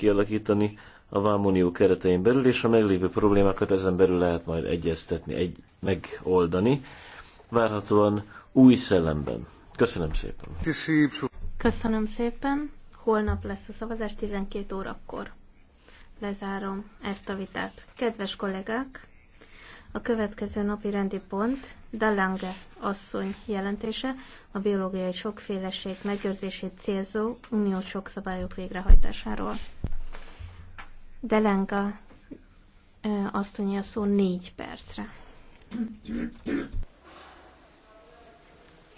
kialakítani a Vámonió keretein belül, és a meglévő problémákat ezen belül lehet majd egyeztetni, egy, megoldani, várhatóan új szellemben. Köszönöm szépen! Köszönöm szépen! Holnap lesz a szavazás 12 órakor. Lezárom ezt a vitát. Kedves kollégák, a következő napi rendi pont Dallange asszony jelentése a biológiai sokféleség megőrzését célzó uniós sokszabályok végrehajtásáról. Delenga mondja a szó négy percre.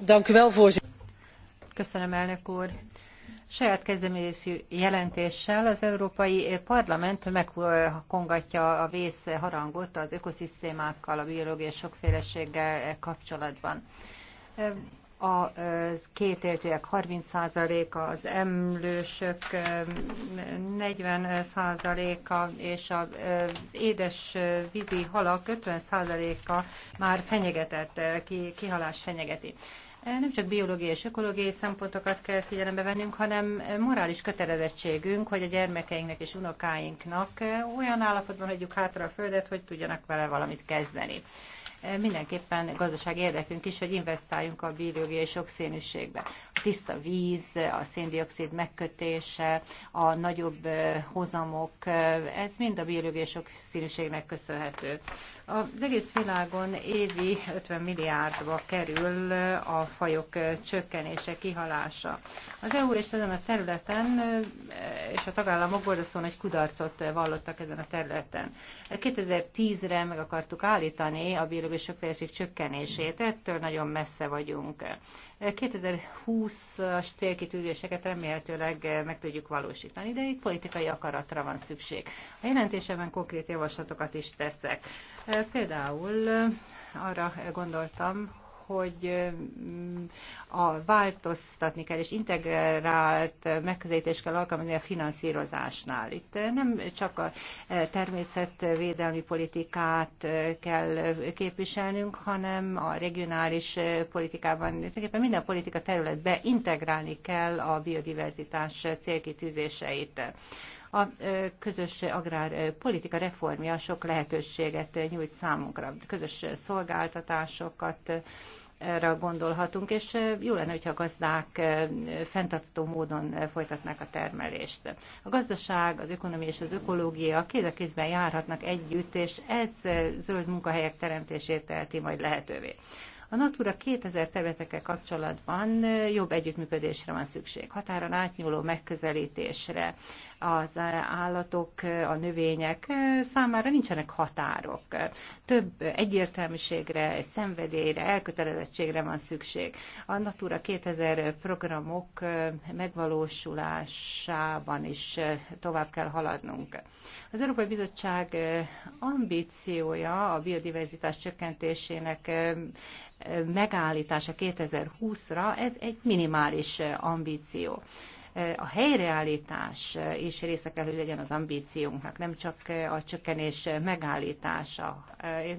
Dank u wel, voorzitter. Köszönöm, elnök úr. Saját kezdeményező jelentéssel az Európai Parlament megkongatja a vészharangot az ökoszisztémákkal, a biológiai sokféleséggel kapcsolatban a két értőek 30%-a, az emlősök 40%-a és az édes vízi halak 50%-a már fenyegetett, kihalás fenyegeti. Nem csak biológiai és ökológiai szempontokat kell figyelembe vennünk, hanem morális kötelezettségünk, hogy a gyermekeinknek és unokáinknak olyan állapotban hagyjuk hátra a földet, hogy tudjanak vele valamit kezdeni mindenképpen gazdaság érdekünk is, hogy investáljunk a biológiai sokszínűségbe. A tiszta víz, a széndiokszid megkötése, a nagyobb eh, hozamok, eh, ez mind a biológiai sokszínűségnek köszönhető. Az egész világon évi 50 milliárdba kerül a fajok csökkenése, kihalása. Az EU és ezen a területen, és a tagállamok borzasztó egy kudarcot vallottak ezen a területen. 2010-re meg akartuk állítani a biológiai sokféleség csökkenését, ettől nagyon messze vagyunk. 2020-as célkitűzéseket remélhetőleg meg tudjuk valósítani, de itt politikai akaratra van szükség. A jelentésemben konkrét javaslatokat is teszek. Például eh, arra gondoltam, hogy eh, a változtatni kell, és integrált megközelítést kell alkalmazni a finanszírozásnál. Itt eh, nem csak a természetvédelmi politikát kell képviselnünk, hanem a regionális politikában, tulajdonképpen minden politika területbe integrálni kell a biodiverzitás célkitűzéseit. A közös agrárpolitika reformja sok lehetőséget nyújt számunkra, közös szolgáltatásokat, erre gondolhatunk, és jó lenne, hogyha a gazdák fenntartó módon folytatnák a termelést. A gazdaság, az ökonomia és az ökológia kéz a kézben járhatnak együtt, és ez zöld munkahelyek teremtését teheti majd lehetővé. A Natura 2000 területekkel kapcsolatban jobb együttműködésre van szükség, határon átnyúló megközelítésre, az állatok, a növények számára nincsenek határok. Több egyértelműségre, szenvedélyre, elkötelezettségre van szükség. A Natura 2000 programok megvalósulásában is tovább kell haladnunk. Az Európai Bizottság ambíciója a biodiverzitás csökkentésének megállítása 2020-ra, ez egy minimális ambíció a helyreállítás is része kell, hogy legyen az ambíciónknak, nem csak a csökkenés megállítása.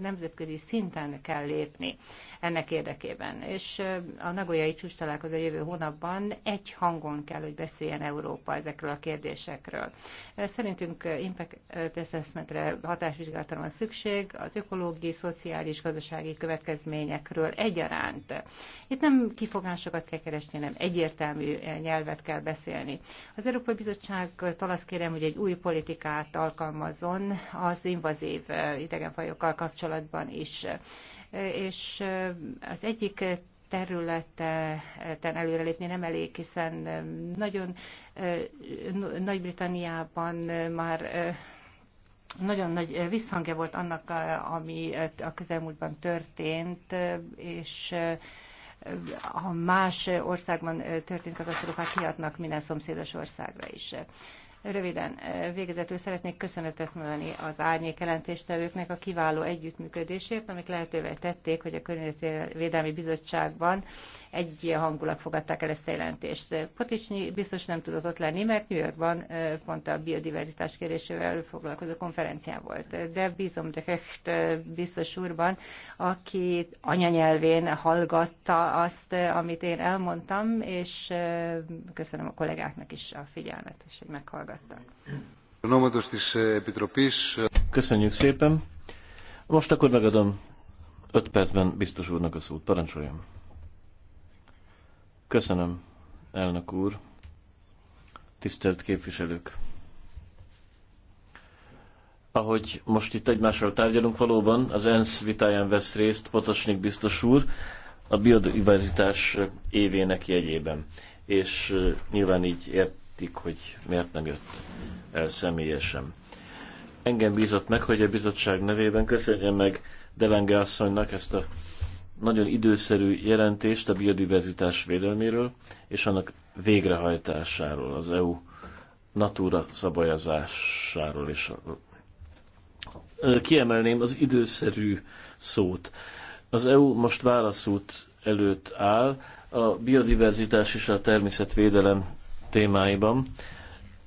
Nemzetközi szinten kell lépni ennek érdekében. És a Nagoyai csúcs találkozó jövő hónapban egy hangon kell, hogy beszéljen Európa ezekről a kérdésekről. Szerintünk impact assessmentre hatásvizsgálatra van szükség, az ökológiai, szociális, gazdasági következményekről egyaránt. Itt nem kifogásokat kell keresni, hanem egyértelmű nyelvet kell beszélni beszélni. Az Európai bizottság azt kérem, hogy egy új politikát alkalmazzon az invazív idegenfajokkal kapcsolatban is. És az egyik területen előrelépni nem elég, hiszen nagyon Nagy-Britanniában már nagyon nagy visszhangja volt annak, ami a közelmúltban történt, és ha más országban történt katasztrófák kihatnak minden szomszédos országra is. Röviden eh, végezetül szeretnék köszönetet mondani az árnyék jelentéstevőknek a kiváló együttműködésért, amik lehetővé tették, hogy a Környezetvédelmi Bizottságban egy hangulat fogadták el ezt a jelentést. Poticsnyi biztos nem tudott ott lenni, mert New Yorkban eh, pont a biodiverzitás kérésével foglalkozó konferencián volt. De bízom de Hecht eh, biztos úrban, aki anyanyelvén hallgatta azt, amit én elmondtam, és köszönöm a kollégáknak is a figyelmet, és hogy meghallgattam elfogadtak. Köszönjük szépen. Most akkor megadom 5 percben biztos úrnak a szót. Parancsoljon. Köszönöm, elnök úr. Tisztelt képviselők. Ahogy most itt egymással tárgyalunk, valóban az ENSZ vitáján vesz részt Potosnik biztos úr a biodiverzitás évének jegyében. És nyilván így ért értik, hogy miért nem jött el személyesen. Engem bízott meg, hogy a bizottság nevében köszönjem meg Delenge asszonynak ezt a nagyon időszerű jelentést a biodiverzitás védelméről és annak végrehajtásáról, az EU Natura szabályozásáról is. Kiemelném az időszerű szót. Az EU most válaszút előtt áll, a biodiverzitás és a természetvédelem témáiban.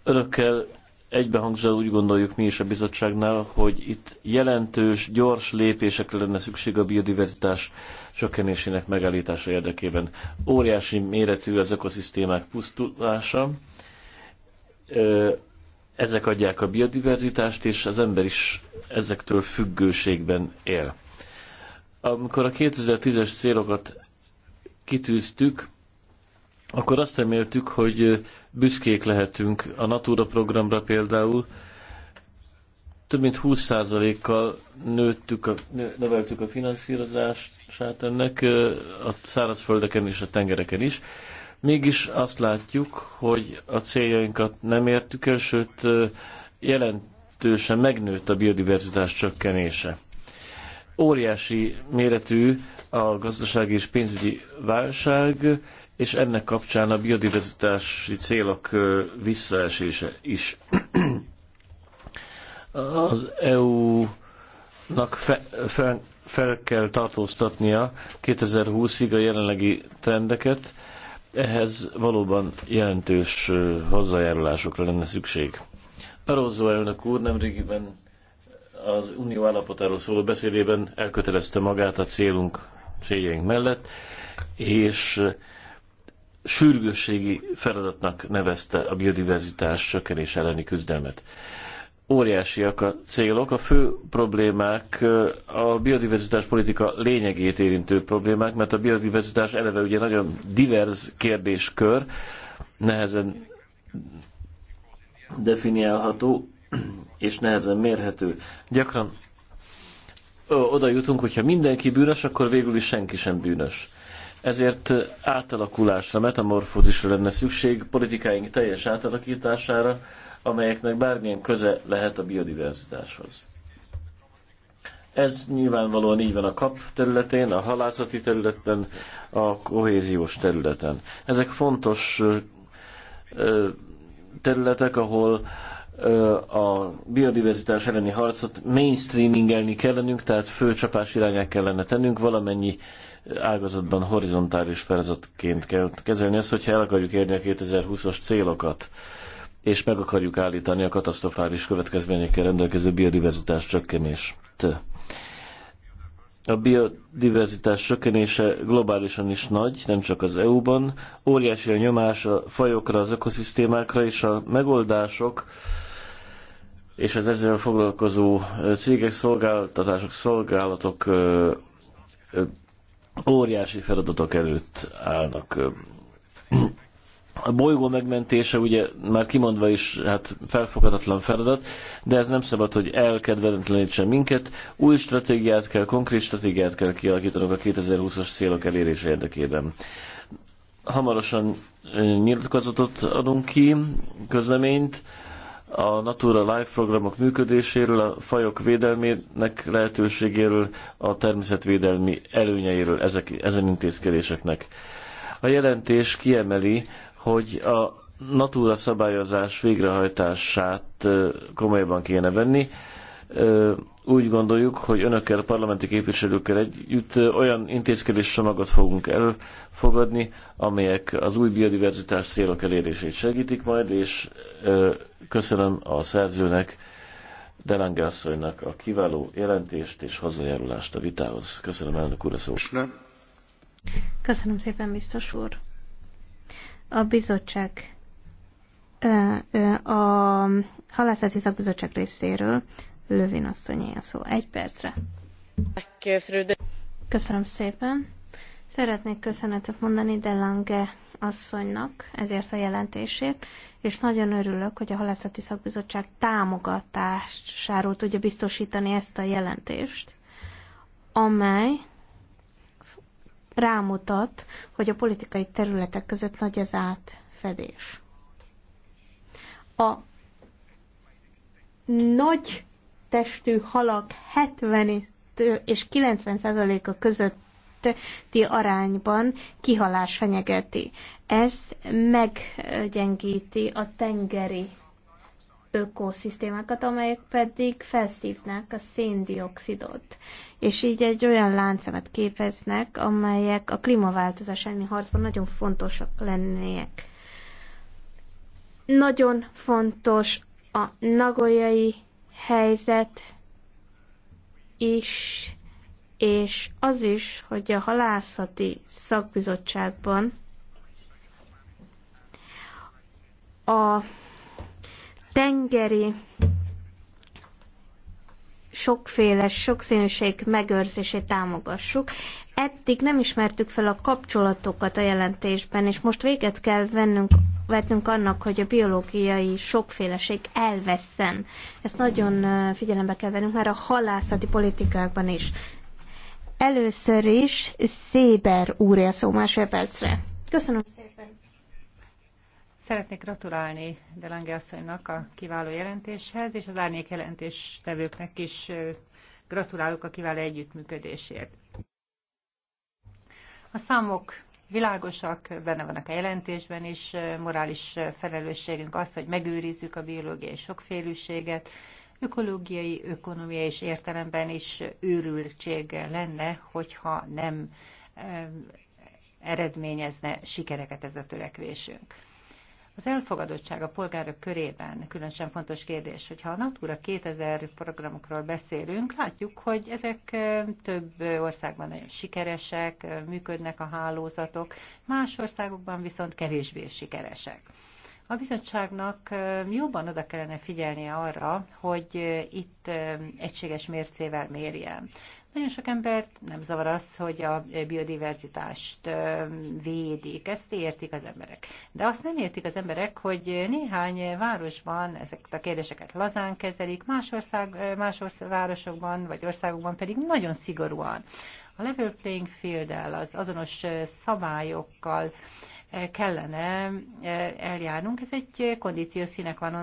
Önökkel egybehangzva úgy gondoljuk mi is a bizottságnál, hogy itt jelentős, gyors lépésekre lenne szükség a biodiverzitás csökkenésének megállítása érdekében. Óriási méretű az ökoszisztémák pusztulása, ezek adják a biodiverzitást, és az ember is ezektől függőségben él. Amikor a 2010-es célokat kitűztük, akkor azt reméltük, hogy büszkék lehetünk a Natura programra például. Több mint 20%-kal nőttük a, növeltük a finanszírozását ennek a szárazföldeken és a tengereken is. Mégis azt látjuk, hogy a céljainkat nem értük el, sőt jelentősen megnőtt a biodiverzitás csökkenése. Óriási méretű a gazdasági és pénzügyi válság, és ennek kapcsán a biodiverzitási célok visszaesése is. Az EU-nak fe, fel, fel kell tartóztatnia 2020-ig a jelenlegi trendeket, ehhez valóban jelentős hozzájárulásokra lenne szükség. Barózó elnök úr nemrégiben az unió állapotáról szóló beszélében elkötelezte magát a célunk, céljaink mellett, és eh, sürgősségi feladatnak nevezte a biodiverzitás csökkenés elleni küzdelmet. Óriásiak a célok, a fő problémák eh, a biodiverzitás politika lényegét érintő problémák, mert a biodiverzitás eleve ugye nagyon divers kérdéskör, nehezen definiálható, és nehezen mérhető. Gyakran oda jutunk, hogyha mindenki bűnös, akkor végül is senki sem bűnös. Ezért átalakulásra, metamorfózisra lenne szükség, politikáink teljes átalakítására, amelyeknek bármilyen köze lehet a biodiverzitáshoz. Ez nyilvánvalóan így van a kap területén, a halászati területen, a kohéziós területen. Ezek fontos területek, ahol a biodiverzitás elleni harcot mainstreamingelni kellenünk, tehát főcsapás irányát kellene tennünk, valamennyi ágazatban horizontális feladatként kell kezelni ezt, hogyha el akarjuk érni a 2020-as célokat, és meg akarjuk állítani a katasztrofális következményekkel rendelkező biodiverzitás csökkenést. A biodiverzitás csökkenése globálisan is nagy, nem csak az EU-ban. Óriási a nyomás a fajokra, az ökoszisztémákra, és a megoldások, és az ezzel foglalkozó cégek, szolgáltatások, szolgálatok óriási feladatok előtt állnak. A bolygó megmentése ugye már kimondva is hát felfoghatatlan feladat, de ez nem szabad, hogy elkedvetlenítsen minket. Új stratégiát kell, konkrét stratégiát kell kialakítanunk a 2020-as célok elérése érdekében. Hamarosan nyilatkozatot adunk ki, közleményt, a Natura Life programok működéséről, a fajok védelmének lehetőségéről, a természetvédelmi előnyeiről ezek, ezen intézkedéseknek. A jelentés kiemeli, hogy a Natura szabályozás végrehajtását komolyban kéne venni, úgy gondoljuk, hogy önökkel, parlamenti képviselőkkel együtt olyan intézkedés csomagot fogunk elfogadni, amelyek az új biodiverzitás célok elérését segítik majd, és köszönöm a szerzőnek, Delange asszonynak a kiváló jelentést és hozzájárulást a vitához. Köszönöm elnök úr a szó. Köszönöm szépen, biztos úr. A bizottság, a halászati szakbizottság részéről Lövin asszony a szó. Egy percre. Köszönöm szépen. Szeretnék köszönetet mondani De Lange asszonynak ezért a jelentésért, és nagyon örülök, hogy a Halászati Szakbizottság támogatásáról tudja biztosítani ezt a jelentést, amely rámutat, hogy a politikai területek között nagy az átfedés. A nagy testű halak 70 és 90%-a közötti arányban kihalás fenyegeti. Ez meggyengíti a tengeri ökoszisztémákat, amelyek pedig felszívnák a széndiokszidot. És így egy olyan láncemet képeznek, amelyek a klímaváltozás elleni harcban nagyon fontosak lennének. Nagyon fontos a nagoyai helyzet is, és az is, hogy a halászati szakbizottságban a tengeri sokféle sokszínűség megőrzését támogassuk. Eddig nem ismertük fel a kapcsolatokat a jelentésben, és most véget kell vennünk, vetnünk annak, hogy a biológiai sokféleség elveszen. Ezt nagyon figyelembe kell vennünk mert a halászati politikákban is. Először is Széber úr szó másfél percre. Köszönöm szépen. Szeretnék gratulálni Delange asszonynak a kiváló jelentéshez, és az árnyék jelentéstevőknek is gratulálok a kiváló együttműködésért. A számok világosak, benne vannak a jelentésben is, morális felelősségünk az, hogy megőrizzük a biológiai sokfélűséget, ökológiai, ökonomiai és értelemben is őrültség lenne, hogyha nem eredményezne sikereket ez a törekvésünk. Az elfogadottság a polgárok körében különösen fontos kérdés, hogyha a Natura 2000 programokról beszélünk, látjuk, hogy ezek több országban nagyon sikeresek, működnek a hálózatok, más országokban viszont kevésbé sikeresek. A bizottságnak jobban oda kellene figyelnie arra, hogy itt egységes mércével mérjen. Nagyon sok embert nem zavar az, hogy a biodiverzitást védik, ezt értik az emberek. De azt nem értik az emberek, hogy néhány városban ezeket a kérdéseket lazán kezelik, más, ország, más ország, városokban vagy országokban pedig nagyon szigorúan. A level playing field-el, az azonos szabályokkal, kellene eh, eljárnunk. Ez egy kondíció színek van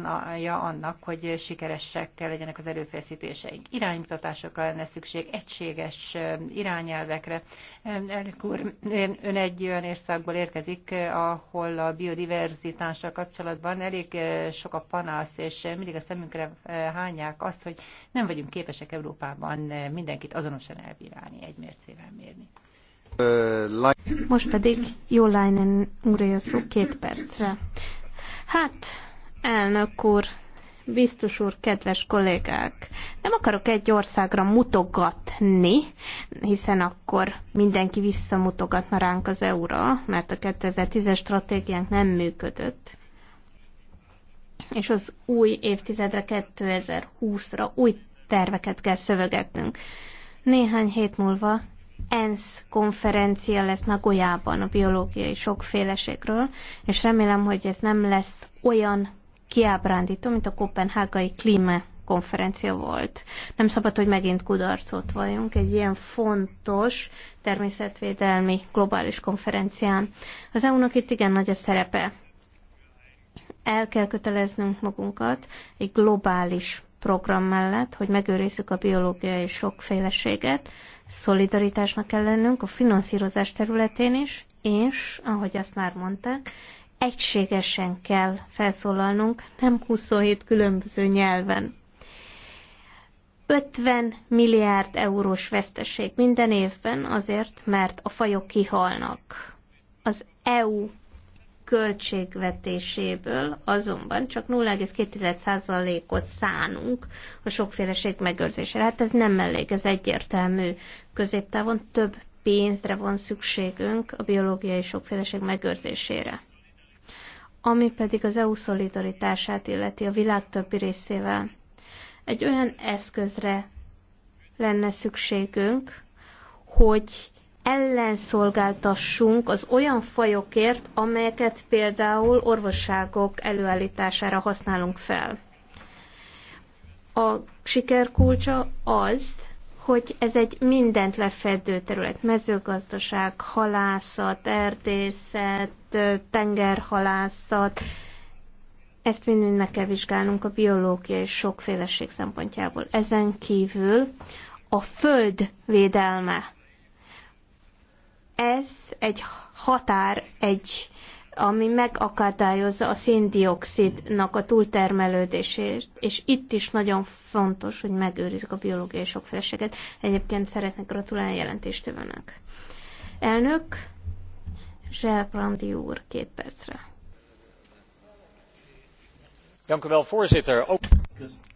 annak, hogy sikeresek legyenek az erőfeszítéseink. Iránymutatásokra lenne szükség, egységes eh, irányelvekre. Eh, elnök úr, ön egy olyan érszakból érkezik, ahol a biodiverzitással kapcsolatban elég sok a panasz, és mindig a szemünkre hányák azt, hogy nem vagyunk képesek Európában mindenkit azonosan elbírálni, egy mércével mérni. Most pedig Jó lányen úrja szó két percre. Hát, elnök úr, biztos úr, kedves kollégák, nem akarok egy országra mutogatni, hiszen akkor mindenki visszamutogatna ránk az eu mert a 2010-es stratégiánk nem működött és az új évtizedre, 2020-ra új terveket kell szövegetnünk. Néhány hét múlva ENSZ konferencia lesz Nagoyában a biológiai sokféleségről, és remélem, hogy ez nem lesz olyan kiábrándító, mint a kopenhágai klíme konferencia volt. Nem szabad, hogy megint kudarcot vagyunk egy ilyen fontos természetvédelmi globális konferencián. Az EU-nak itt igen nagy a szerepe. El kell köteleznünk magunkat egy globális program mellett, hogy megőrizzük a biológiai sokféleséget, szolidaritásnak kell lennünk a finanszírozás területén is, és, ahogy azt már mondták, egységesen kell felszólalnunk, nem 27 különböző nyelven. 50 milliárd eurós veszteség minden évben azért, mert a fajok kihalnak. Az EU költségvetéséből azonban csak 0,2%-ot szánunk a sokféleség megőrzésére. Hát ez nem elég, ez egyértelmű. Középtávon több pénzre van szükségünk a biológiai sokféleség megőrzésére. Ami pedig az EU szolidaritását illeti a világ többi részével. Egy olyan eszközre lenne szükségünk, hogy ellenszolgáltassunk az olyan fajokért, amelyeket például orvosságok előállítására használunk fel. A sikerkulcsa az, hogy ez egy mindent lefedő terület. Mezőgazdaság, halászat, erdészet, tengerhalászat. Ezt mind meg kell vizsgálnunk a biológiai sokféleség szempontjából. Ezen kívül a föld védelme ez egy határ, egy, ami megakadályozza a széndiokszidnak a túltermelődését, és itt is nagyon fontos, hogy megőrizzük a biológiai sokféleséget. Egyébként szeretnék gratulálni a jelentéstevőnek. Elnök, Zselbrandi úr, két percre.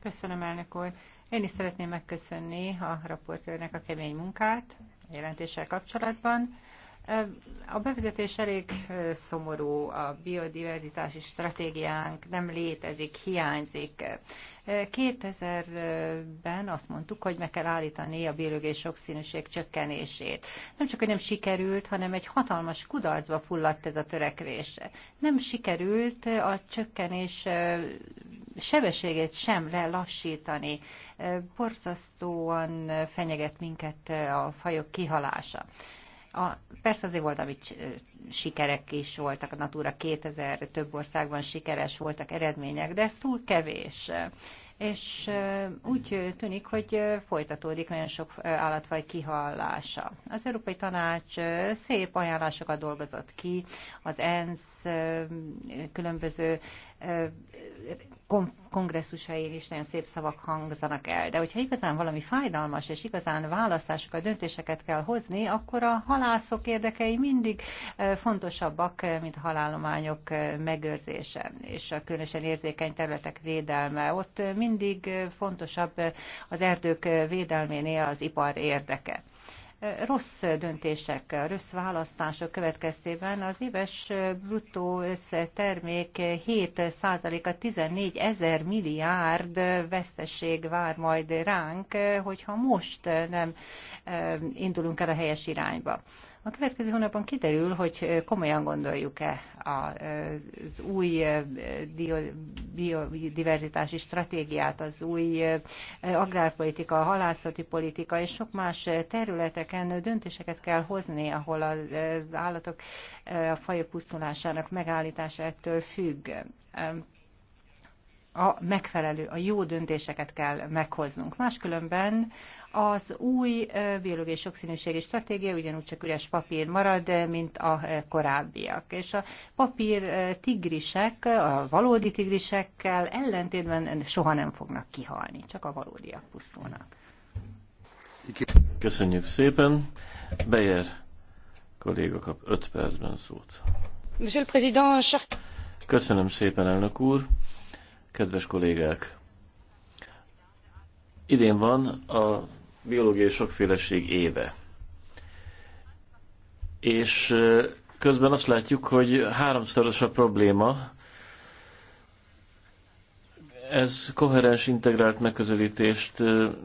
Köszönöm, elnök úr. Én is szeretném megköszönni a raportőrnek a kemény munkát jelentéssel kapcsolatban. A bevezetés elég szomorú, a biodiverzitási stratégiánk nem létezik, hiányzik. 2000-ben azt mondtuk, hogy meg kell állítani a biológiai sokszínűség csökkenését. Nem csak, hogy nem sikerült, hanem egy hatalmas kudarcba fulladt ez a törekvés. Nem sikerült a csökkenés sebességét sem lelassítani. Borzasztóan fenyeget minket a fajok kihalása. A, persze azért volt, amit sikerek is voltak, a Natura 2000 több országban sikeres voltak eredmények, de ez túl kevés. És úgy tűnik, hogy folytatódik nagyon sok állatfaj kihallása. Az Európai Tanács szép ajánlásokat dolgozott ki, az ENSZ különböző kongresszusain is nagyon szép szavak hangzanak el, de hogyha igazán valami fájdalmas, és igazán választásokat, döntéseket kell hozni, akkor a halászok érdekei mindig fontosabbak, mint a halálományok megőrzése, és a különösen érzékeny területek védelme. Ott mindig fontosabb az erdők védelménél az ipar érdeke rossz döntések, rossz választások következtében az éves bruttó összetermék 7%-a 14 ezer milliárd veszteség vár majd ránk, hogyha most nem eh, indulunk el a helyes irányba. A következő hónapban kiderül, hogy komolyan gondoljuk-e az új biodiverzitási stratégiát, az új agrárpolitika, halászati politika és sok más területeken döntéseket kell hozni, ahol az állatok a fajok pusztulásának megállítása ettől függ a megfelelő, a jó döntéseket kell meghoznunk. Máskülönben az új biológiai sokszínűségi stratégia ugyanúgy csak üres papír marad, mint a korábbiak. És a papír tigrisek, a valódi tigrisekkel ellentétben soha nem fognak kihalni, csak a valódiak pusztulnak. Köszönjük szépen. Beyer kolléga kap 5 percben szót. Monsieur le Président, Köszönöm szépen, elnök úr! Kedves kollégák! Idén van a biológiai sokféleség éve. És közben azt látjuk, hogy háromszoros a probléma. Ez koherens, integrált megközelítést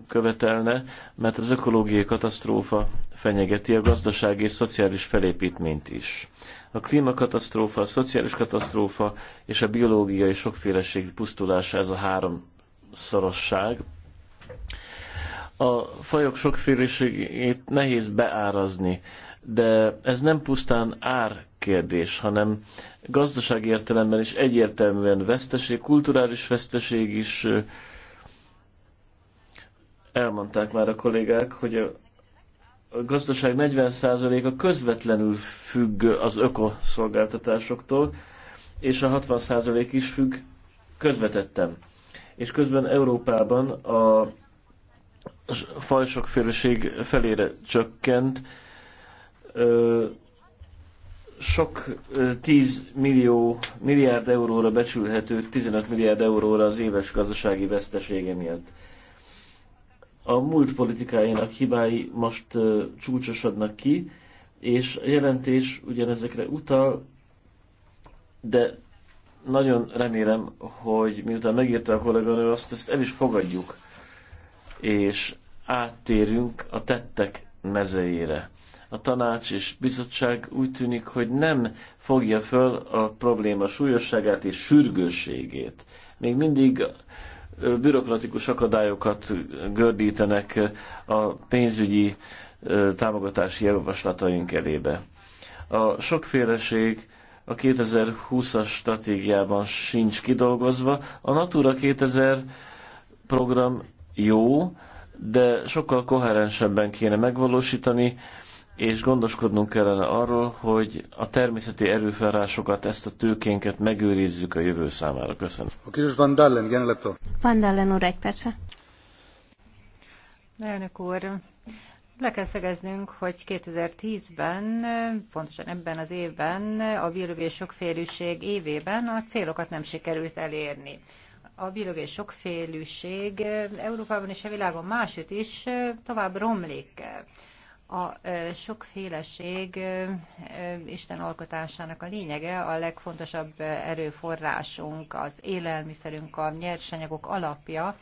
követelne, mert az ökológiai katasztrófa fenyegeti a gazdasági és szociális felépítményt is. A klímakatasztrófa, a szociális katasztrófa és a biológiai sokféleség pusztulása ez a háromszorosság, a fajok sokféleségét nehéz beárazni, de ez nem pusztán ár kérdés, hanem gazdasági értelemben is egyértelműen veszteség, kulturális veszteség is. Elmondták már a kollégák, hogy a gazdaság 40%-a közvetlenül függ az ökoszolgáltatásoktól, és a 60% is függ közvetetten és közben Európában a fajsokféleség felére csökkent. Sok 10 millió, milliárd euróra becsülhető, 15 milliárd euróra az éves gazdasági vesztesége miatt. A múlt politikájának hibái most csúcsosodnak ki, és a jelentés ugyanezekre utal, de nagyon remélem, hogy miután megírta a kolléganő azt, ezt el is fogadjuk, és áttérünk a tettek mezejére. A tanács és bizottság úgy tűnik, hogy nem fogja föl a probléma súlyosságát és sürgősségét. Még mindig bürokratikus akadályokat gördítenek a pénzügyi támogatási javaslataink elébe. A sokféleség a 2020-as stratégiában sincs kidolgozva. A Natura 2000 program jó, de sokkal koherensebben kéne megvalósítani, és gondoskodnunk kellene arról, hogy a természeti erőforrásokat, ezt a tőkénket megőrizzük a jövő számára. Köszönöm. A kérdés Van Dallen, Van Dallen úr, egy perce. Elnök úr, le kell szegeznünk, hogy 2010-ben, pontosan ebben az évben, a biológiai sokfélűség évében a célokat nem sikerült elérni. A biológiai sokfélűség Európában és a világon másütt is tovább romlik. A sokféleség Isten alkotásának a lényege, a legfontosabb erőforrásunk, az élelmiszerünk, a nyersanyagok alapja,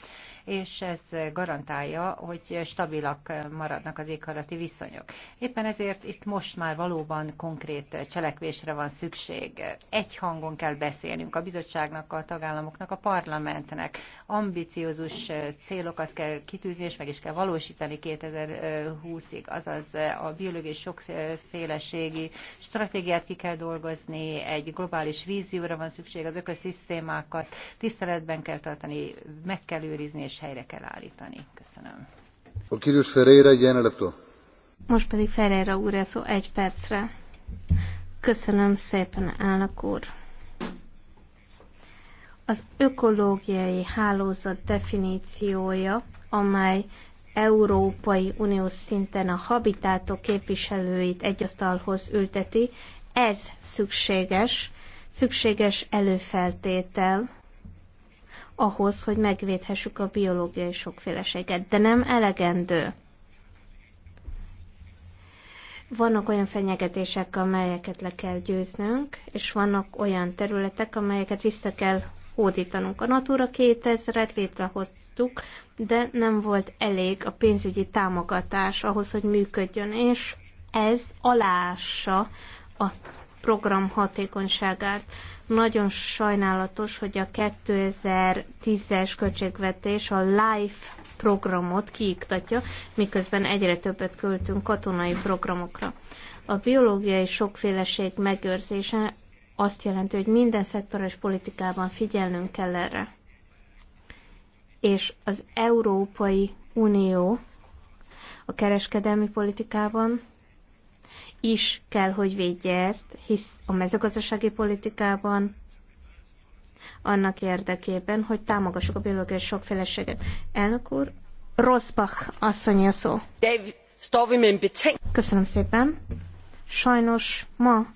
és ez garantálja, hogy stabilak maradnak az éghajlati viszonyok. Éppen ezért itt most már valóban konkrét cselekvésre van szükség. Egy hangon kell beszélnünk a bizottságnak, a tagállamoknak, a parlamentnek. Ambiciózus célokat kell kitűzni, és meg is kell valósítani 2020-ig. Azaz az a biológiai sokféleségi stratégiát ki kell dolgozni, egy globális vízióra van szükség, az ökoszisztémákat tiszteletben kell tartani, meg kell őrizni és helyre kell állítani. Köszönöm. A Kirius Ferreira, jelenleptől. Most pedig Ferreira úr, szó egy percre. Köszönöm szépen, elnök úr. Az ökológiai hálózat definíciója, amely Európai Unió szinten a habitátok képviselőit egy asztalhoz ülteti, ez szükséges, szükséges előfeltétel ahhoz, hogy megvédhessük a biológiai sokféleséget, de nem elegendő. Vannak olyan fenyegetések, amelyeket le kell győznünk, és vannak olyan területek, amelyeket vissza kell hódítanunk. A Natura 2000-et létrehozott megkaptuk, de nem volt elég a pénzügyi támogatás ahhoz, hogy működjön, és ez alássa a program hatékonyságát. Nagyon sajnálatos, hogy a 2010-es költségvetés a LIFE programot kiiktatja, miközben egyre többet költünk katonai programokra. A biológiai sokféleség megőrzése azt jelenti, hogy minden szektoros politikában figyelnünk kell erre és az Európai Unió a kereskedelmi politikában is kell, hogy védje ezt, hisz a mezőgazdasági politikában annak érdekében, hogy támogassuk a biológiai sokféleséget. Elnök úr, Rosbach asszony a szó. Köszönöm szépen. Sajnos ma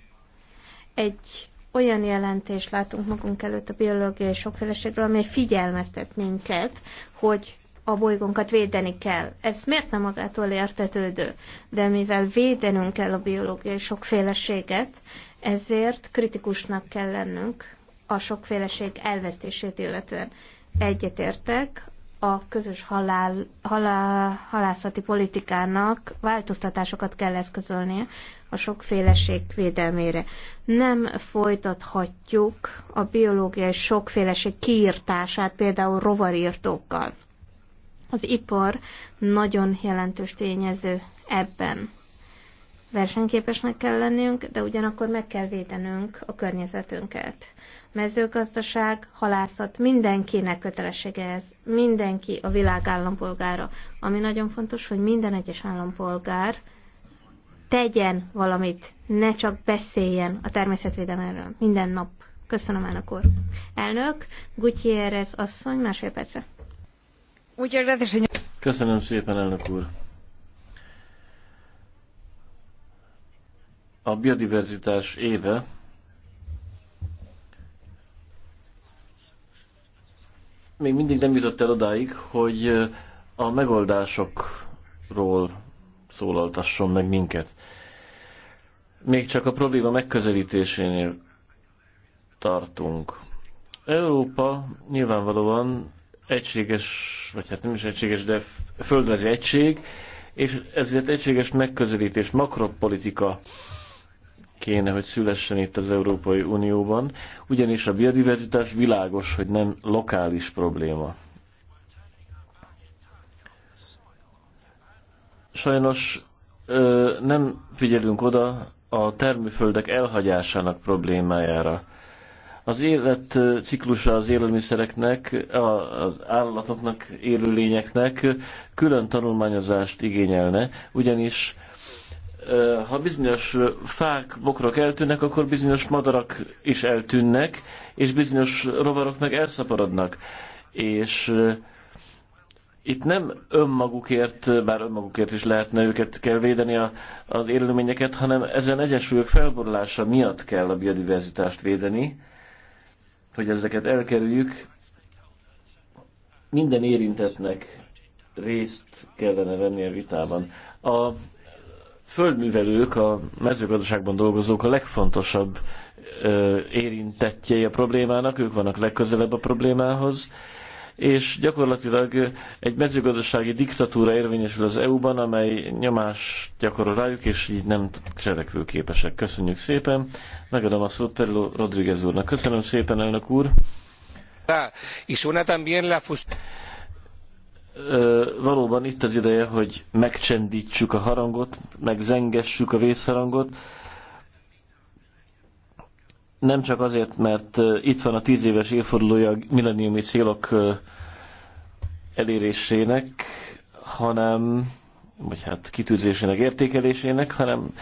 egy olyan jelentést látunk magunk előtt a biológiai sokféleségről, amely figyelmeztet minket, hogy a bolygónkat védeni kell. Ez miért nem magától értetődő? De mivel védenünk kell a biológiai sokféleséget, ezért kritikusnak kell lennünk a sokféleség elvesztését illetően. Egyetértek, a közös halál, halá, halászati politikának változtatásokat kell eszközölnie, a sokféleség védelmére. Nem folytathatjuk a biológiai sokféleség kiirtását például rovarírtókkal. Az ipar nagyon jelentős tényező ebben. Versenyképesnek kell lennünk, de ugyanakkor meg kell védenünk a környezetünket. Mezőgazdaság, halászat, mindenkinek kötelessége ez, mindenki a világ állampolgára. Ami nagyon fontos, hogy minden egyes állampolgár tegyen valamit, ne csak beszéljen a természetvédelemről minden nap. Köszönöm, elnök úr. Elnök, Gutierrez asszony, másfél perce. Köszönöm szépen, elnök úr. A biodiverzitás éve még mindig nem jutott el odáig, hogy a megoldásokról szólaltasson meg minket. Még csak a probléma megközelítésénél tartunk. Európa nyilvánvalóan egységes, vagy hát nem is egységes, de földrajzi egység, és ezért egységes megközelítés, makropolitika kéne, hogy szülessen itt az Európai Unióban, ugyanis a biodiverzitás világos, hogy nem lokális probléma. sajnos ö, nem figyelünk oda a termőföldek elhagyásának problémájára. Az élet ciklusa az élelmiszereknek, az állatoknak, élőlényeknek külön tanulmányozást igényelne, ugyanis ha bizonyos fák, bokrok eltűnnek, akkor bizonyos madarak is eltűnnek, és bizonyos rovarok meg elszaporodnak. És itt nem önmagukért, bár önmagukért is lehetne őket kell védeni a, az élőlényeket, hanem ezen egyensúlyok felborulása miatt kell a biodiverzitást védeni, hogy ezeket elkerüljük. Minden érintetnek részt kellene venni a vitában. A földművelők, a mezőgazdaságban dolgozók a legfontosabb ö, érintettjei a problémának, ők vannak legközelebb a problémához, és gyakorlatilag egy mezőgazdasági diktatúra érvényesül az EU-ban, amely nyomás gyakorol rájuk, és így nem képesek. Köszönjük szépen. Megadom a szót Perlo Rodriguez úrnak. Köszönöm szépen, elnök úr. Ah, valóban itt az ideje, hogy megcsendítsük a harangot, megzengessük a vészharangot, nem csak azért, mert itt van a tíz éves évfordulója milleniumi célok elérésének, hanem, vagy hát kitűzésének, értékelésének, hanem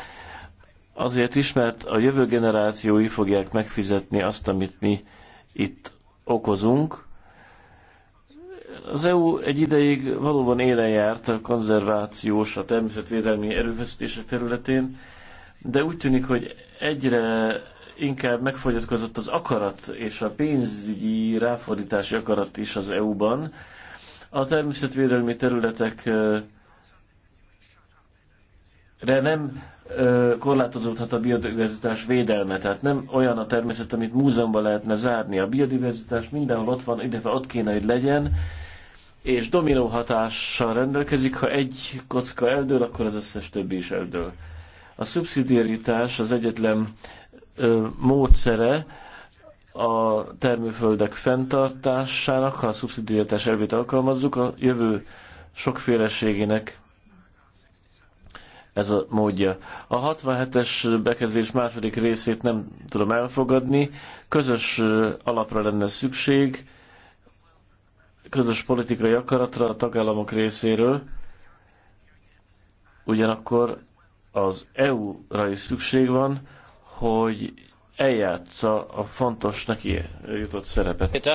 azért is, mert a jövő generációi fogják megfizetni azt, amit mi itt okozunk. Az EU egy ideig valóban élen járt a konzervációs, a természetvédelmi erőfeszítések területén, de úgy tűnik, hogy egyre inkább megfogyatkozott az akarat és a pénzügyi ráfordítási akarat is az EU-ban. A természetvédelmi területekre nem korlátozódhat a biodiverzitás védelme, tehát nem olyan a természet, amit múzeumban lehetne zárni. A biodiverzitás mindenhol ott van, illetve ott kéne, hogy legyen, és dominó hatással rendelkezik, ha egy kocka eldől, akkor az összes többi is eldől. A szubszidiaritás az egyetlen módszere a termőföldek fenntartásának, ha a szubszidiaritás elvét alkalmazzuk, a jövő sokféleségének ez a módja. A 67-es bekezdés második részét nem tudom elfogadni. Közös alapra lenne szükség, közös politikai akaratra a tagállamok részéről. Ugyanakkor az EU-ra is szükség van, hogy eljátsza a fontos neki jutott szerepet.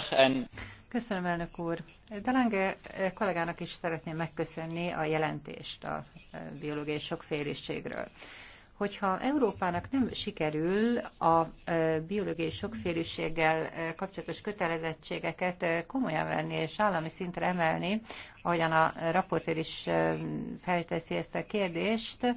Köszönöm, elnök úr. Delange eh, kollégának is szeretném megköszönni a jelentést a eh, biológiai sokféliségről hogyha Európának nem sikerül a eh, biológiai sokféliséggel kapcsolatos kötelezettségeket komolyan venni és állami szintre emelni, ahogyan a raportér is felteszi ezt a kérdést,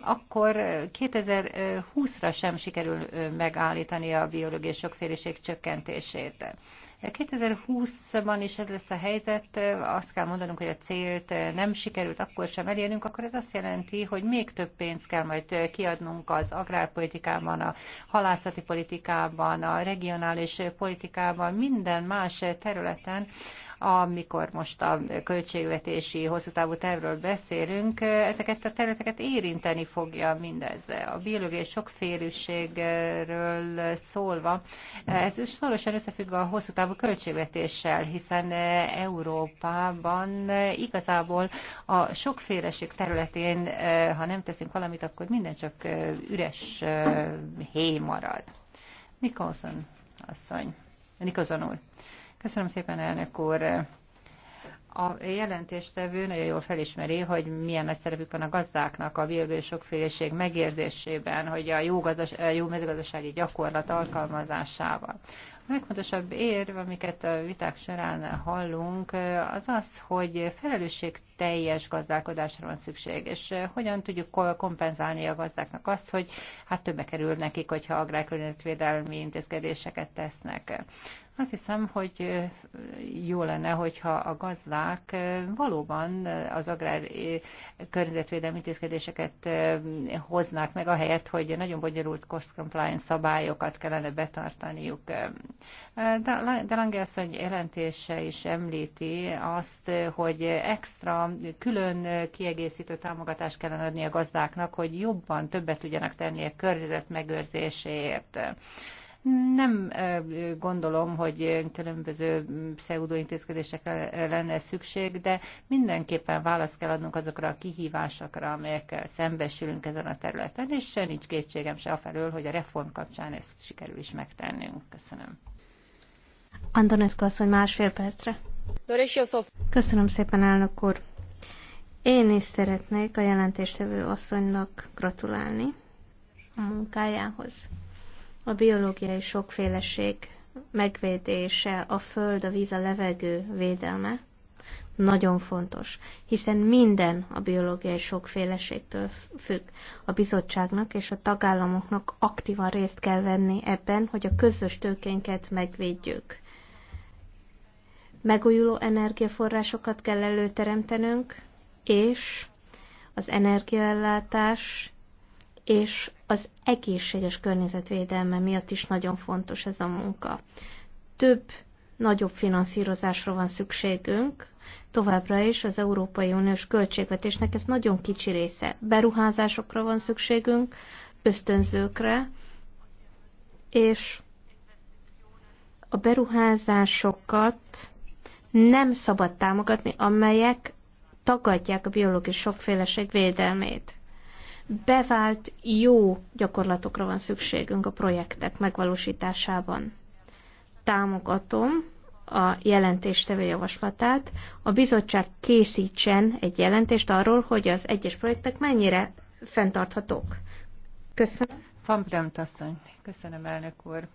akkor 2020-ra sem sikerül megállítani a biológiai sokféleség csökkentését. 2020-ban is ez lesz a helyzet, azt kell mondanunk, hogy a célt nem sikerült akkor sem elérnünk, akkor ez azt jelenti, hogy még több pénzt kell majd kiadnunk az agrárpolitikában, a halászati politikában, a regionális politikában, minden más területen, amikor most a költségvetési hosszú távú tervről beszélünk, ezeket a területeket érinteni fogja mindez. A biológiai sokfélűségről szólva, ez szorosan összefügg a hosszú távú költségvetéssel, hiszen Európában igazából a sokféleség területén, ha nem teszünk valamit, akkor minden csak üres hé marad. Nikolson asszony. Nikolson úr. Köszönöm szépen, elnök úr. A jelentéstevő nagyon jól felismeri, hogy milyen nagy szerepük van a gazdáknak a biológiai sokféleség megérzésében, hogy a jó, gazdas, jó mezőgazdasági gyakorlat alkalmazásával. A legfontosabb érv, amiket a viták során hallunk, az az, hogy felelősség teljes gazdálkodásra van szükség, és hogyan tudjuk kompenzálni a gazdáknak azt, hogy hát többe kerül nekik, hogyha agrárkörnyezetvédelmi intézkedéseket tesznek. Azt hiszem, hogy jó lenne, hogyha a gazdák valóban az agrár környezetvédelmi intézkedéseket hoznák meg, ahelyett, hogy nagyon bonyolult cost compliance szabályokat kellene betartaniuk. De Lange asszony jelentése is említi azt, hogy extra, külön kiegészítő támogatást kellene adni a gazdáknak, hogy jobban többet tudjanak tenni a környezet megőrzéséért. Nem gondolom, hogy különböző mm, pseudointézkedésekre lenne szükség, de mindenképpen választ kell adnunk azokra a kihívásokra, amelyekkel szembesülünk ezen a területen, és nincs kétségem se afelől, hogy a reform kapcsán ezt sikerül is megtennünk. Köszönöm. Antonescu asszony másfél percre. Köszönöm szépen, elnök úr. Én is szeretnék a jelentéstevő asszonynak gratulálni a munkájához a biológiai sokféleség megvédése, a föld, a víz, a levegő védelme nagyon fontos, hiszen minden a biológiai sokféleségtől függ. A bizottságnak és a tagállamoknak aktívan részt kell venni ebben, hogy a közös tőkénket megvédjük. Megújuló energiaforrásokat kell előteremtenünk, és az energiaellátás és az egészséges környezetvédelme miatt is nagyon fontos ez a munka. Több nagyobb finanszírozásra van szükségünk, továbbra is az Európai Uniós költségvetésnek ez nagyon kicsi része. Beruházásokra van szükségünk, ösztönzőkre, és a beruházásokat nem szabad támogatni, amelyek tagadják a biológiai sokféleség védelmét bevált jó gyakorlatokra van szükségünk a projektek megvalósításában. Támogatom a jelentéstevő javaslatát. A bizottság készítsen egy jelentést arról, hogy az egyes projektek mennyire fenntarthatók. Köszönöm. Van Bremt asszony. Köszönöm, elnök úr.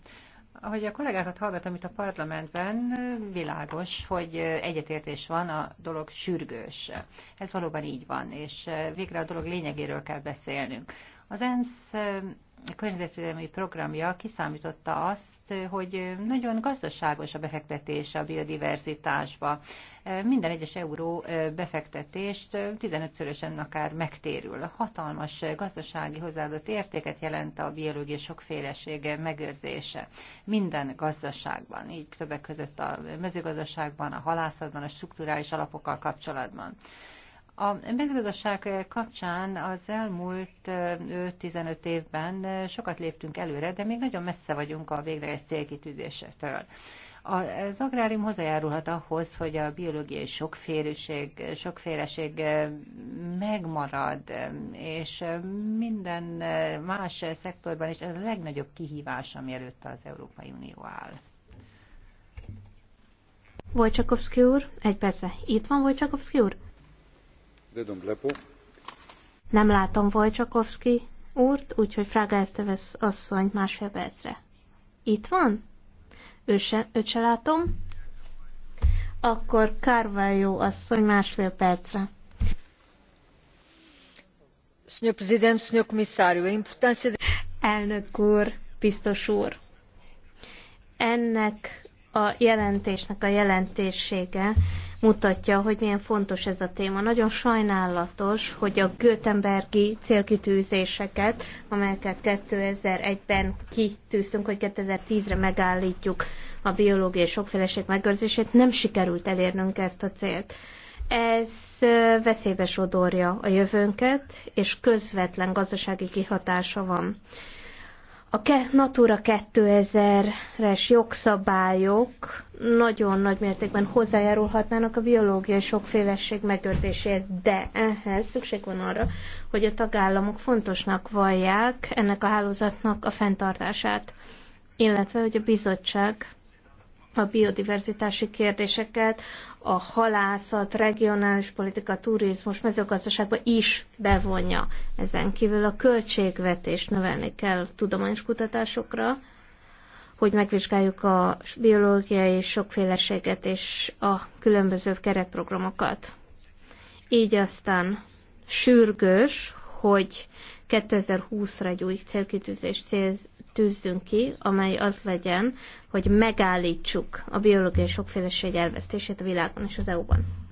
Ahogy a kollégákat hallgatom itt a parlamentben, világos, hogy egyetértés van, a dolog sürgős. Ez valóban így van, és végre a dolog lényegéről kell beszélnünk. Az ENSZ környezetvédelmi programja kiszámította azt, azt, hogy nagyon gazdaságos a befektetés a biodiverzitásba. Minden egyes euró befektetést 15-szörösen akár megtérül. Hatalmas gazdasági hozzáadott értéket jelent a biológiai sokféleség megőrzése minden gazdaságban, így többek között a mezőgazdaságban, a halászatban, a strukturális alapokkal kapcsolatban. A mezőgazdaság kapcsán az elmúlt 15 évben sokat léptünk előre, de még nagyon messze vagyunk a végleges célkitűzésektől. Az agrárium hozzájárulhat ahhoz, hogy a biológiai sokféleség, sokféleség megmarad, és minden más szektorban is ez a legnagyobb kihívás, ami előtt az Európai Unió áll. Vojcsakovszki úr, egy perce. Itt van Vojcsakovszki úr? Nem látom Vojcsakovszki úrt, úgyhogy Fraga Esztövesz asszony másfél percre. Itt van? Ő se, őt se látom. Akkor Carvalho asszony másfél percre. Senhor prezident, Senhor komisszárió, a importância Elnök úr, biztos úr, ennek a jelentésnek a jelentésége mutatja, hogy milyen fontos ez a téma. Nagyon sajnálatos, hogy a Göteborgi célkitűzéseket, amelyeket 2001-ben kitűztünk, hogy 2010-re megállítjuk a biológiai sokféleség megőrzését, nem sikerült elérnünk ezt a célt. Ez veszélybe sodorja a jövőnket, és közvetlen gazdasági kihatása van. A Natura 2000-es jogszabályok nagyon nagy mértékben hozzájárulhatnának a biológiai sokféleség megőrzéséhez, de ehhez szükség van arra, hogy a tagállamok fontosnak vallják ennek a hálózatnak a fenntartását, illetve hogy a bizottság a biodiverzitási kérdéseket, a halászat, regionális politika, turizmus, mezőgazdaságba is bevonja. Ezen kívül a költségvetést növelni kell tudományos kutatásokra, hogy megvizsgáljuk a biológiai sokféleséget és a különböző keretprogramokat. Így aztán sürgős, hogy 2020-ra egy új célkitűzést tűzzünk ki, amely az legyen, hogy megállítsuk a biológiai sokféleség elvesztését a világon és az EU-ban.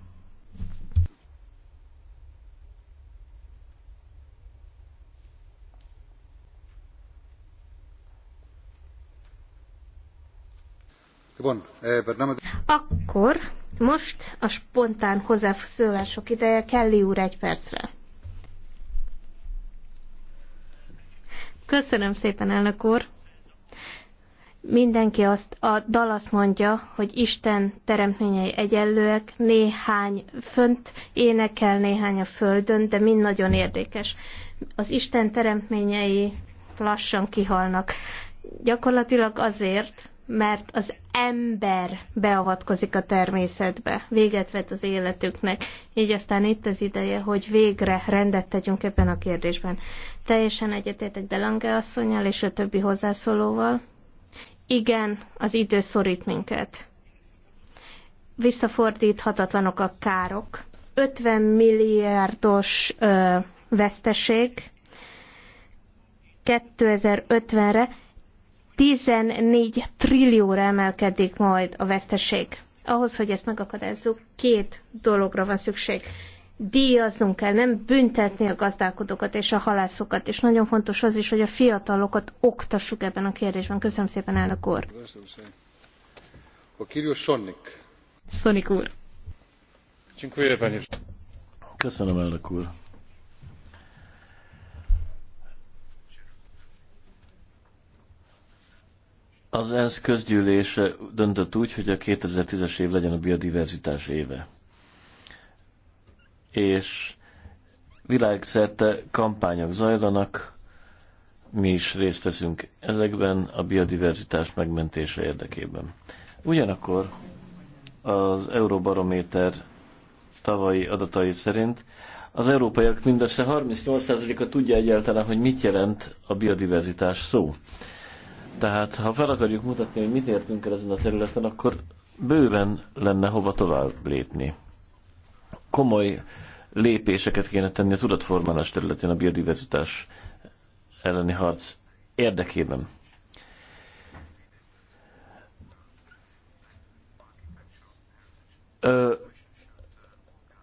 Eh, Akkor most a spontán hozzászólások ideje Kelly úr egy percre. Köszönöm szépen, elnök úr. Mindenki azt, a dal azt mondja, hogy Isten teremtményei egyenlőek, néhány fönt énekel, néhány a földön, de mind nagyon érdekes. Az Isten teremtményei lassan kihalnak. Gyakorlatilag azért, mert az ember beavatkozik a természetbe, véget vet az életüknek. Így aztán itt az ideje, hogy végre rendet tegyünk ebben a kérdésben. Teljesen egyetértek Delange asszonyal és a többi hozzászólóval. Igen, az idő szorít minket. Visszafordíthatatlanok a károk. 50 milliárdos ö, veszteség 2050-re 14 trillióra emelkedik majd a veszteség. Ahhoz, hogy ezt megakadályozzuk, két dologra van szükség. Díjaznunk kell, nem büntetni a gazdálkodókat és a halászokat, és nagyon fontos az is, hogy a fiatalokat oktassuk ebben a kérdésben. Köszönöm szépen, elnök úr. A Sonik. Sonik úr. Köszönöm, elnök úr. Az ENSZ közgyűlés döntött úgy, hogy a 2010-es év legyen a biodiverzitás éve. És világszerte kampányok zajlanak, mi is részt veszünk ezekben a biodiverzitás megmentése érdekében. Ugyanakkor az Euróbarométer tavalyi adatai szerint az európaiak mindössze 38%-a tudja egyáltalán, hogy mit jelent a biodiverzitás szó. Tehát, ha fel akarjuk mutatni, hogy mit értünk el ezen a területen, akkor bőven lenne hova tovább lépni. Komoly lépéseket kéne tenni a tudatformálás területén a biodiverzitás elleni harc érdekében.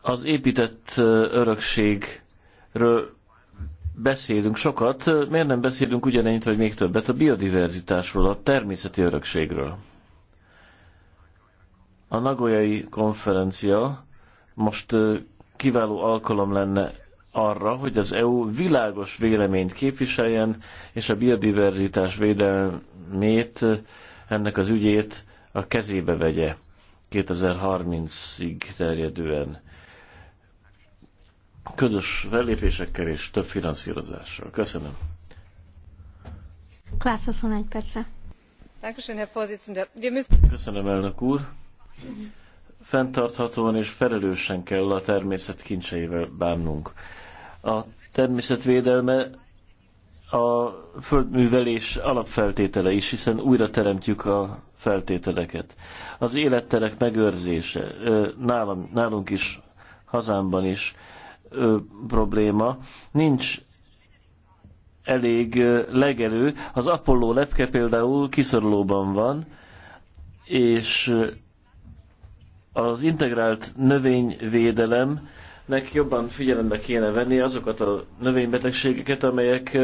az épített örökségről beszélünk sokat, miért nem beszélünk ugyanennyit vagy még többet a biodiverzitásról, a természeti örökségről? A Nagoyai konferencia most kiváló alkalom lenne arra, hogy az EU világos véleményt képviseljen, és a biodiverzitás védelmét, ennek az ügyét a kezébe vegye 2030-ig terjedően közös fellépésekkel és több finanszírozással. Köszönöm. Klász 21 percre. Köszönöm, elnök úr. Fentarthatóan és felelősen kell a természet kincseivel bánnunk. A természetvédelme a földművelés alapfeltétele is, hiszen újra teremtjük a feltételeket. Az életterek megőrzése nálam, nálunk is, hazámban is ö, probléma. Nincs elég ö, legelő. Az Apollo lepke például kiszorulóban van, és az integrált növényvédelemnek jobban figyelembe kéne venni azokat a növénybetegségeket, amelyek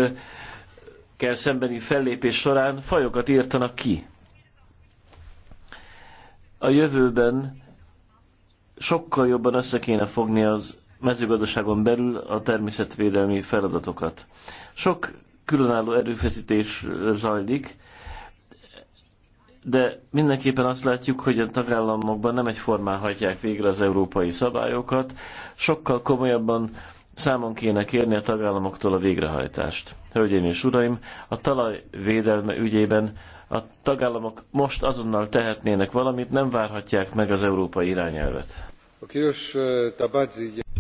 kell szembeni fellépés során fajokat írtanak ki. A jövőben sokkal jobban össze kéne fogni az mezőgazdaságon belül a természetvédelmi feladatokat. Sok különálló erőfeszítés zajlik, de mindenképpen azt látjuk, hogy a tagállamokban nem egyformán hajtják végre az európai szabályokat, sokkal komolyabban számon kéne kérni a tagállamoktól a végrehajtást. Hölgyeim és uraim, a talajvédelme ügyében a tagállamok most azonnal tehetnének valamit, nem várhatják meg az európai irányelvet. A kíros, eh, tabadzi...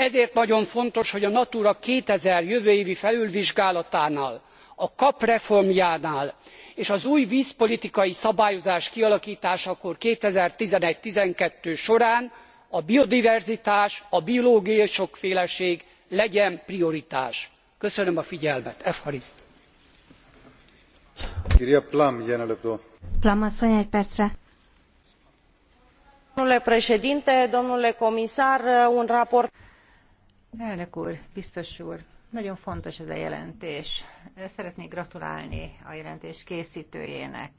ezért nagyon fontos hogy a natura two thousand jövő évi felülvizsgálatánál a kap reformjánál és az új vzpolitikai szabályozás kialaktásakor two thousand and eleven twelve során a biodiverzitás a biológiai sokféleség legyen prioritás. köszönöm a figyelmet. comisar un raport. Elnök úr, biztos úr, nagyon fontos ez a jelentés. Szeretnék gratulálni a jelentés készítőjének.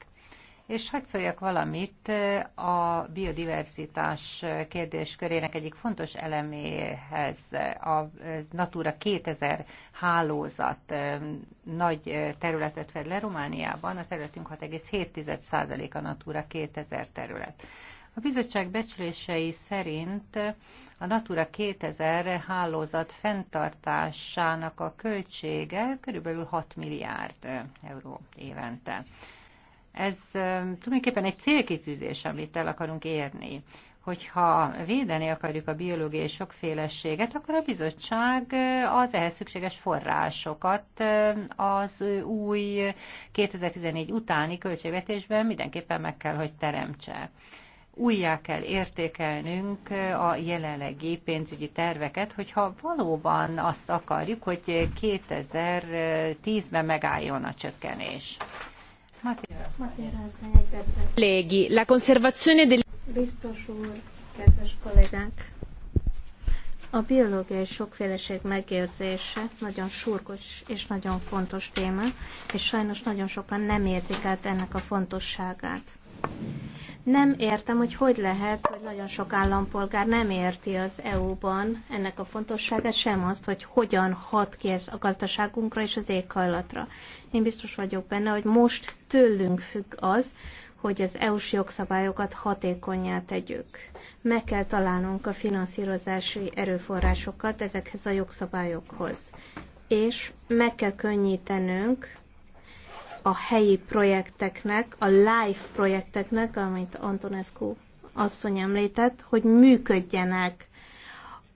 És hagyd szóljak valamit a biodiverzitás kérdéskörének egyik fontos eleméhez, a Natura 2000 hálózat nagy területet fed le Romániában, a területünk 6,7%-a Natura 2000 terület. A bizottság becslései szerint a Natura 2000 hálózat fenntartásának a költsége körülbelül 6 milliárd euró évente. Ez tulajdonképpen egy célkitűzés, amit el akarunk érni hogyha védeni akarjuk a biológiai sokféleséget, akkor a bizottság az ehhez szükséges forrásokat az új 2014 utáni költségvetésben mindenképpen meg kell, hogy teremtse újjá kell értékelnünk a jelenlegi pénzügyi terveket, hogyha valóban azt akarjuk, hogy 2010-ben megálljon a csökkenés. Légi, la conservazione del... Biztos úr, kedves kollégánk, a biológiai sokféleség megérzése nagyon surkos és nagyon fontos téma, és sajnos nagyon sokan nem érzik át ennek a fontosságát nem értem, hogy hogy lehet, hogy nagyon sok állampolgár nem érti az EU-ban ennek a fontosságát, sem azt, hogy hogyan hat ki ez a gazdaságunkra és az éghajlatra. Én biztos vagyok benne, hogy most tőlünk függ az, hogy az EU-s jogszabályokat hatékonyá tegyük. Meg kell találnunk a finanszírozási erőforrásokat ezekhez a jogszabályokhoz. És meg kell könnyítenünk a helyi projekteknek, a live projekteknek, amit Antonescu asszony említett, hogy működjenek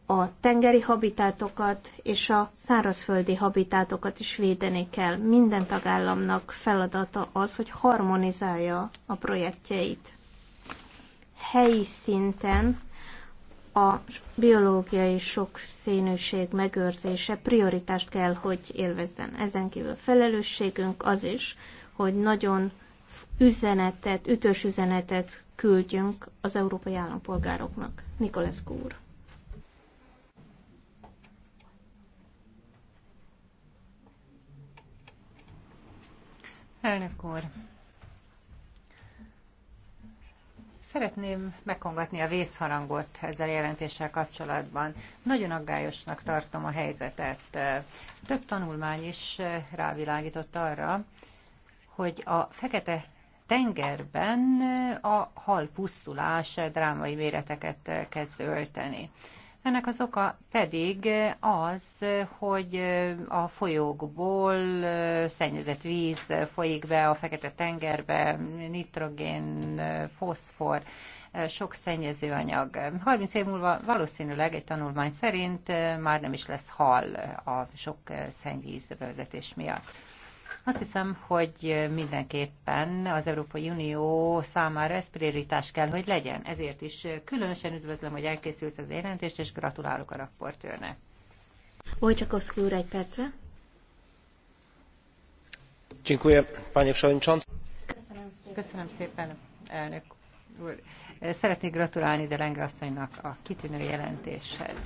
a tengeri habitátokat és a szárazföldi habitátokat is védeni kell. Minden tagállamnak feladata az, hogy harmonizálja a projektjeit. Helyi szinten a biológiai sok sokszínűség megőrzése prioritást kell, hogy élvezzen. Ezen kívül felelősségünk az is, hogy nagyon üzenetet, ütős üzenetet küldjünk az európai állampolgároknak. Nikolescu úr. Elnök úr, Szeretném meghangatni a vészharangot ezzel a jelentéssel kapcsolatban. Nagyon aggályosnak tartom a helyzetet. Több tanulmány is eh, rávilágított arra, hogy a fekete tengerben eh, a hal pusztulás eh, drámai méreteket kezd ölteni. Ennek az oka pedig az, hogy a folyókból szennyezett víz folyik be a Fekete-tengerbe, nitrogén, foszfor, sok szennyező anyag. 30 év múlva valószínűleg egy tanulmány szerint már nem is lesz hal a sok szennyvíz bevezetés miatt. Azt hiszem, hogy mindenképpen az Európai Unió számára ez prioritás kell, hogy legyen. Ezért is különösen üdvözlöm, hogy elkészült az jelentést, és gratulálok a raportőrnek. Wojciechowski úr, egy percre. Dziękuję, panie przewodniczący. Köszönöm szépen, Köszönöm szépen elnök úr. Szeretnék gratulálni Delenge asszonynak a kitűnő jelentéshez.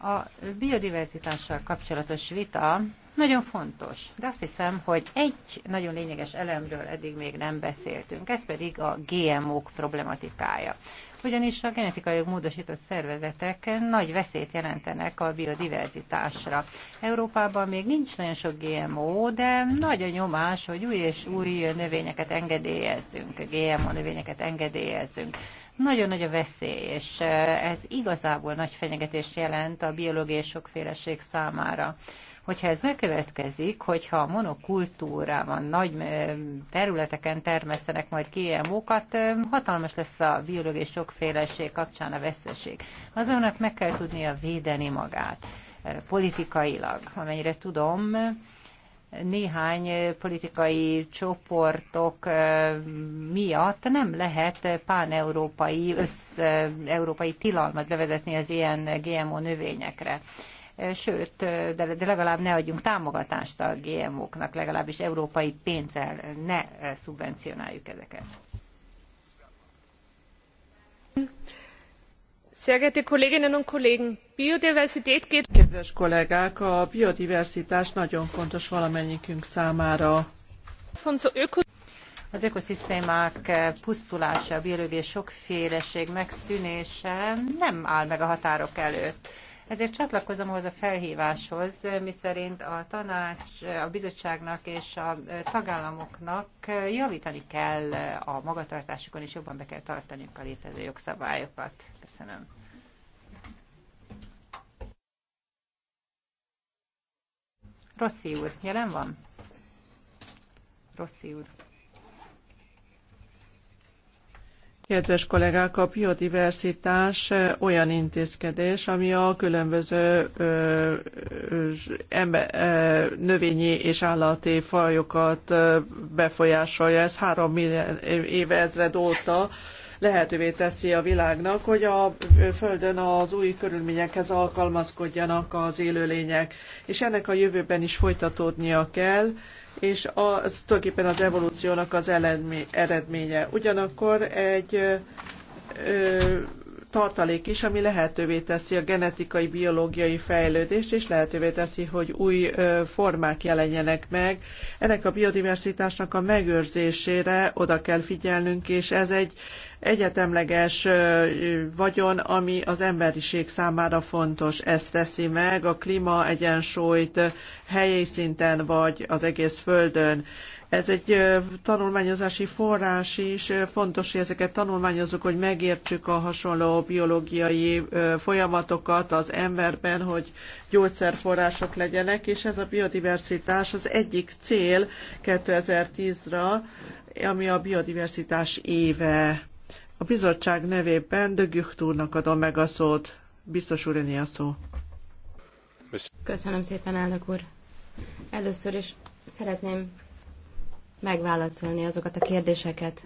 A biodiverzitással kapcsolatos vita nagyon fontos, de azt hiszem, hogy egy nagyon lényeges elemről eddig még nem beszéltünk, ez pedig a GMO-k problematikája. Ugyanis a genetikai módosított szervezetek nagy veszélyt jelentenek a biodiverzitásra. Európában még nincs nagyon sok GMO, de nagy a nyomás, hogy új és új növényeket engedélyezzünk, GMO növényeket engedélyezzünk nagyon nagy a veszély, és ez igazából nagy fenyegetést jelent a biológiai sokféleség számára. Hogyha ez megkövetkezik, hogyha a monokultúrában nagy területeken termesztenek majd GMO-kat, hatalmas lesz a biológiai sokféleség kapcsán a veszteség. Azonnak meg kell tudnia védeni magát politikailag. Amennyire tudom, néhány politikai csoportok miatt nem lehet páneurópai, európai tilalmat bevezetni az ilyen GMO növényekre. Sőt, de, de legalább ne adjunk támogatást a GMO-knak, legalábbis európai pénzzel ne szubvencionáljuk ezeket kedves kollégák! a biodiverzitás nagyon fontos valamennyiünk számára. az ökoszisztémák pusztulása a biológiai sokféleség megszűnése nem áll meg a határok előtt ezért csatlakozom ahhoz a felhíváshoz, miszerint a tanács, a bizottságnak és a tagállamoknak javítani kell a magatartásukon, és jobban be kell tartaniuk a létező jogszabályokat. Köszönöm. Rossi úr, jelen van? Rossi úr. Kedves kollégák, a biodiversitás olyan intézkedés, ami a különböző növényi és állati fajokat befolyásolja. Ez három évezred óta lehetővé teszi a világnak, hogy a Földön az új körülményekhez alkalmazkodjanak az élőlények, és ennek a jövőben is folytatódnia kell, és az tulajdonképpen az evolúciónak az eredménye. Ugyanakkor egy ö, tartalék is, ami lehetővé teszi a genetikai, biológiai fejlődést, és lehetővé teszi, hogy új formák jelenjenek meg. Ennek a biodiversitásnak a megőrzésére oda kell figyelnünk, és ez egy egyetemleges vagyon, ami az emberiség számára fontos. ezt teszi meg a klíma egyensúlyt helyi szinten vagy az egész földön. Ez egy tanulmányozási forrás is, fontos, hogy ezeket tanulmányozzuk, hogy megértsük a hasonló biológiai folyamatokat az emberben, hogy gyógyszerforrások legyenek, és ez a biodiverzitás az egyik cél 2010-ra, ami a biodiverzitás éve. A bizottság nevében Dögücht adom meg a szót. Biztos úr, a szó. Köszönöm szépen, elnök úr. Először is szeretném megválaszolni azokat a kérdéseket,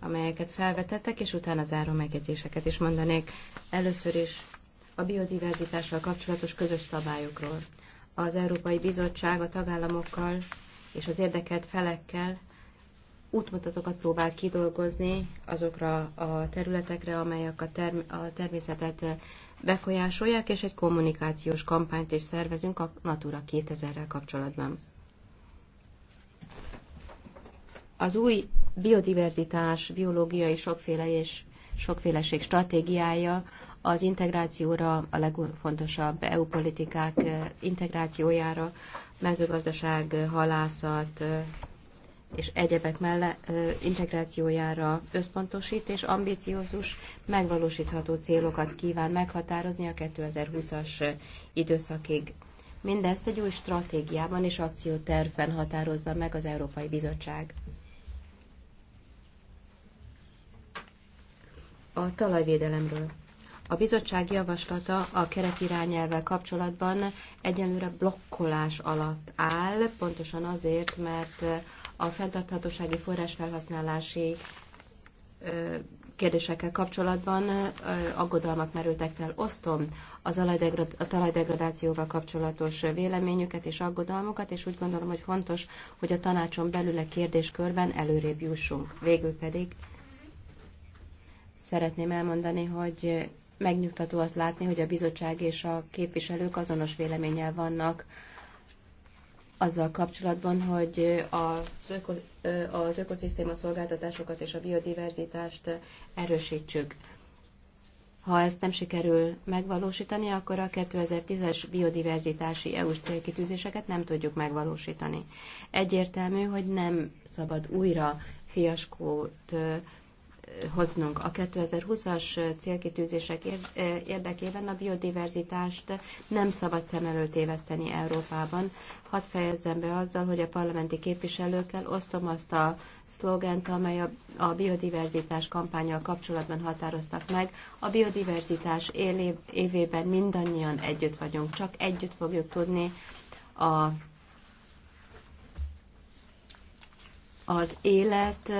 amelyeket felvetettek, és utána záró megjegyzéseket is mondanék. Először is a biodiverzitással kapcsolatos közös szabályokról. Az Európai Bizottság a tagállamokkal és az érdekelt felekkel útmutatókat próbál kidolgozni azokra a területekre, amelyek a, term- a természetet befolyásolják, és egy kommunikációs kampányt is szervezünk a Natura 2000-rel kapcsolatban. Az új biodiverzitás, biológiai sokféle és sokféleség stratégiája az integrációra, a legfontosabb EU politikák integrációjára, mezőgazdaság, halászat, és egyebek mellett integrációjára összpontosít, és ambiciózus, megvalósítható célokat kíván meghatározni a 2020-as időszakig. Mindezt egy új stratégiában és akciótervben határozza meg az Európai Bizottság. A talajvédelemről. A bizottság javaslata a keretirányelvvel kapcsolatban egyenlőre blokkolás alatt áll, pontosan azért, mert a fenntarthatósági forrásfelhasználási kérdésekkel kapcsolatban aggodalmak merültek fel. Osztom az a talajdegradációval kapcsolatos véleményüket és aggodalmukat, és úgy gondolom, hogy fontos, hogy a tanácson belül a kérdéskörben előrébb jussunk. Végül pedig szeretném elmondani, hogy megnyugtató azt látni, hogy a bizottság és a képviselők azonos véleménnyel vannak azzal kapcsolatban, hogy az, öko, az ökoszisztéma szolgáltatásokat és a biodiverzitást erősítsük. Ha ezt nem sikerül megvalósítani, akkor a 2010-es biodiverzitási EU-s célkitűzéseket nem tudjuk megvalósítani. Egyértelmű, hogy nem szabad újra fiaskót hoznunk. A 2020-as célkitűzések érdekében a biodiverzitást nem szabad szem előtt éveszteni Európában, Hadd fejezzem be azzal, hogy a parlamenti képviselőkkel osztom azt a szlogent, amely a, a biodiverzitás kampányal kapcsolatban határoztak meg. A biodiverzitás élév, évében mindannyian együtt vagyunk, csak együtt fogjuk tudni a, az élet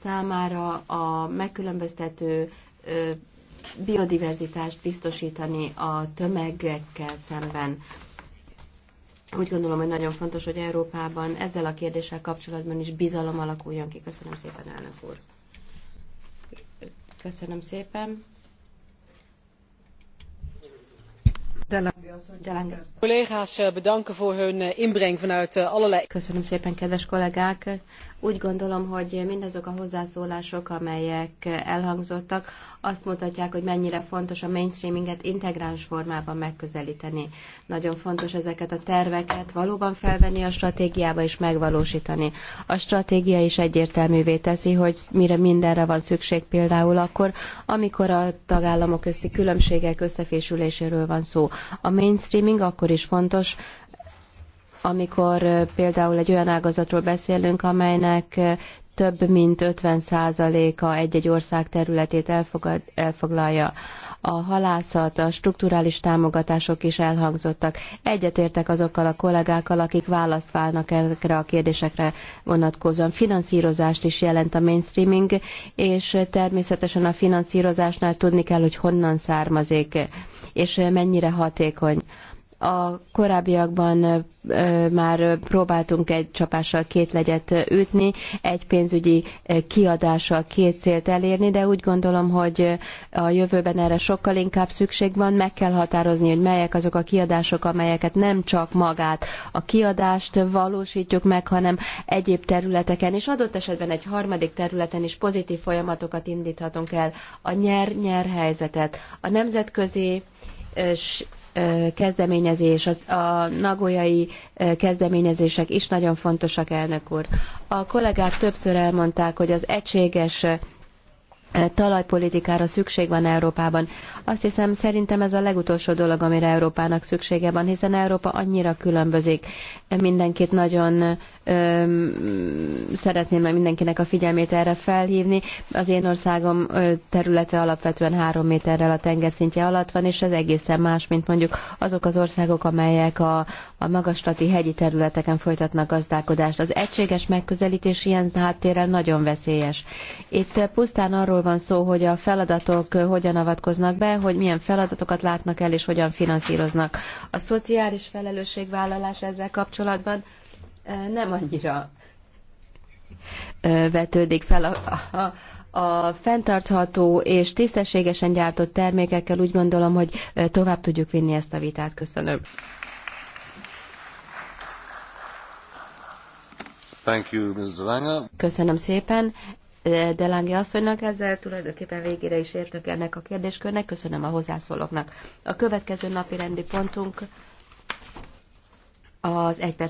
számára a megkülönböztető biodiverzitást biztosítani a tömegekkel szemben. Úgy gondolom, hogy nagyon fontos, hogy Európában ezzel a kérdéssel kapcsolatban is bizalom alakuljon ki. Köszönöm szépen, elnök úr. Köszönöm szépen. Collega's eh, bedanken voor hun eh, inbreng vanuit eh, allerlei. Köszönöm szépen, kedves kollégák. Úgy gondolom, hogy mindazok a hozzászólások, amelyek elhangzottak, azt mutatják, hogy mennyire fontos a mainstreaminget integráns formában megközelíteni. Nagyon fontos ezeket a terveket valóban felvenni a stratégiába és megvalósítani. A stratégia is egyértelművé teszi, hogy mire mindenre van szükség például akkor, amikor a tagállamok közti különbségek összefésüléséről van szó. A mainstreaming akkor is fontos, amikor például egy olyan ágazatról beszélünk, amelynek több mint 50%-a egy-egy ország területét elfogad, elfoglalja. A halászat, a strukturális támogatások is elhangzottak. Egyetértek azokkal a kollégákkal, akik választ válnak ezekre a kérdésekre vonatkozóan. Finanszírozást is jelent a mainstreaming, és természetesen a finanszírozásnál tudni kell, hogy honnan származik, és mennyire hatékony a korábbiakban már próbáltunk egy csapással két legyet ütni, egy pénzügyi kiadással két célt elérni, de úgy gondolom, hogy a jövőben erre sokkal inkább szükség van, meg kell határozni, hogy melyek azok a kiadások, amelyeket nem csak magát a kiadást valósítjuk meg, hanem egyéb területeken, és adott esetben egy harmadik területen is pozitív folyamatokat indíthatunk el, a nyer-nyer helyzetet. A nemzetközi kezdeményezés, a nagolyai kezdeményezések is nagyon fontosak, elnök úr. A kollégák többször elmondták, hogy az egységes talajpolitikára szükség van Európában. Azt hiszem, szerintem ez a legutolsó dolog, amire Európának szüksége van, hiszen Európa annyira különbözik. Mindenkit nagyon öm, szeretném mindenkinek a figyelmét erre felhívni. Az én országom területe alapvetően három méterrel a tengerszintje alatt van, és ez egészen más, mint mondjuk azok az országok, amelyek a a magaslati hegyi területeken folytatnak gazdálkodást. Az egységes megközelítés ilyen háttérrel nagyon veszélyes. Itt pusztán arról van szó, hogy a feladatok hogyan avatkoznak be, hogy milyen feladatokat látnak el, és hogyan finanszíroznak. A szociális felelősségvállalás ezzel kapcsolatban nem annyira vetődik fel a, a, a fenntartható és tisztességesen gyártott termékekkel úgy gondolom, hogy tovább tudjuk vinni ezt a vitát. Köszönöm. Thank you, Köszönöm szépen. Eh, Lange asszonynak ezzel tulajdonképpen végére is értünk ennek a kérdéskörnek. Köszönöm a hozzászólóknak. A következő napi rendi pontunk az egyperc